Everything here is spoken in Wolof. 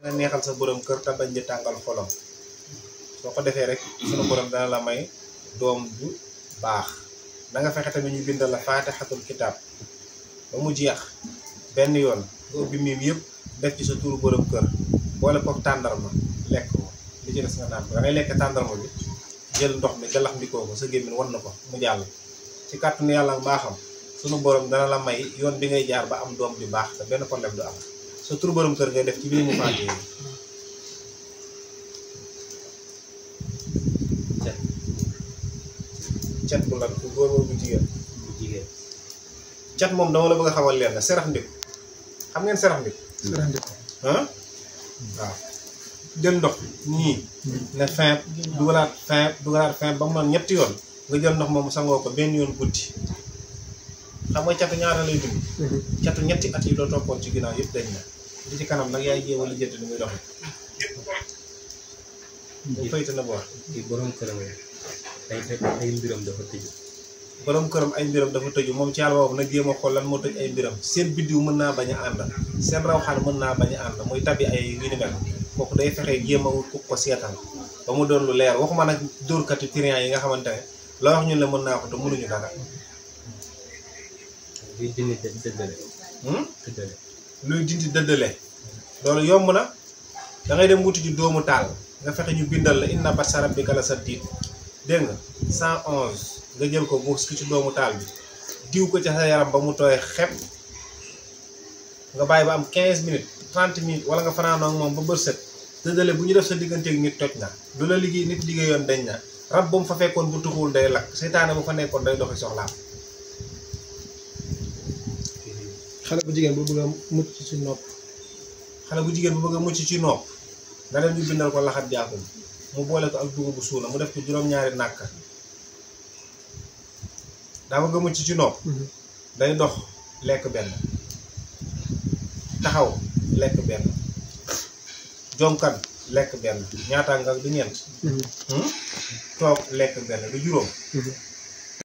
dana neexal sa borom kër te bañ di tàngal xolam soo ko defee rek sunu borom dana la may doom bu baax na nga fexe tamit ñu bind la faate faatixatul kitaab ba mu jeex benn yoon nga ubbi miim yëpp def ci sa turu borom kër boole koog tàndarma lekk ko li ci des nga naan ko da ngay bi jël ndox mi galax ko sa gémmiñ wan na ko mu jàll ci kàttanu yàlla mbaaxam sunu borom dana la may yoon bi ngay jaar ba am doom bi baax te benn problème du am sa turu borom kër ngay def ci biir mu fàtte yi cet cet bu lan bu góor moom bu jigéen bu jigéen cet moom dama la bëgg a leer leen na serax ndik xam ngeen serax ndik serax ndik ah waaw jël ndox nii mm-hmm. ne fin dugalaat fin dugalaat fin ba mu noon ñetti yoon nga jël ndox moom sangoo ko benn yoon guddi xam nga catu ñaara lay dund mm-hmm. catu ñetti at yi doo toppoon ci ginnaaw yëpp dañ na li ci kanam nag yaay jéem a lijjanti ni muy doxee. bu fayte na boor. ci borom këram ay këram ay mbiram dafa tëju moom ci yàlla boobu nag jéem a xool lan moo tëj ay mbiram seen mën naa bañ a ànd seen mën naa bañ a ànd tabi ay yu ni mel kooku mu doon lu leer waxuma dóorkati triant yi nga xamante ne loo wax ñun la mën naa ko te mënuñu dara. dindi tëddale. Hmm? luy dindi dëddale loolu yomb na dangay dem wuti ji doomu taal nga fexe ñu bindal la inna batsa rabbika la sadid dégg nga 111 nga jël ko buus ki ci doomu taal bi diw ko ci sa yaram ba mu tooy xepp nga bàyyi ba am 15 minutes 30 minutes wala nga fanaanoog moom ba bër set dëddale bu ñu def sa digganteeg nit toj na lu la liggéey nit liggéeyoon dañ na rab bu mu fa fekkoon bu tuxul day lakk seytaane bu fa nekkoon day doxi soxlaam xale bu jigéen bu bëgg a mucc ci nopp xale bu jigéen bu bëgg mucc ci nopp nga leen di bindal ko laxat jaakum mu boole ko ak dugubu suuna mu def ko juróom-ñaari nàkk daa bëgg mucc ci nopp mhm. day dox lekk benn taxaw lekk benn jonkan lekk benn ñaata nga du ñeent mhm. hmm? toog lekk benn du juróom mhm.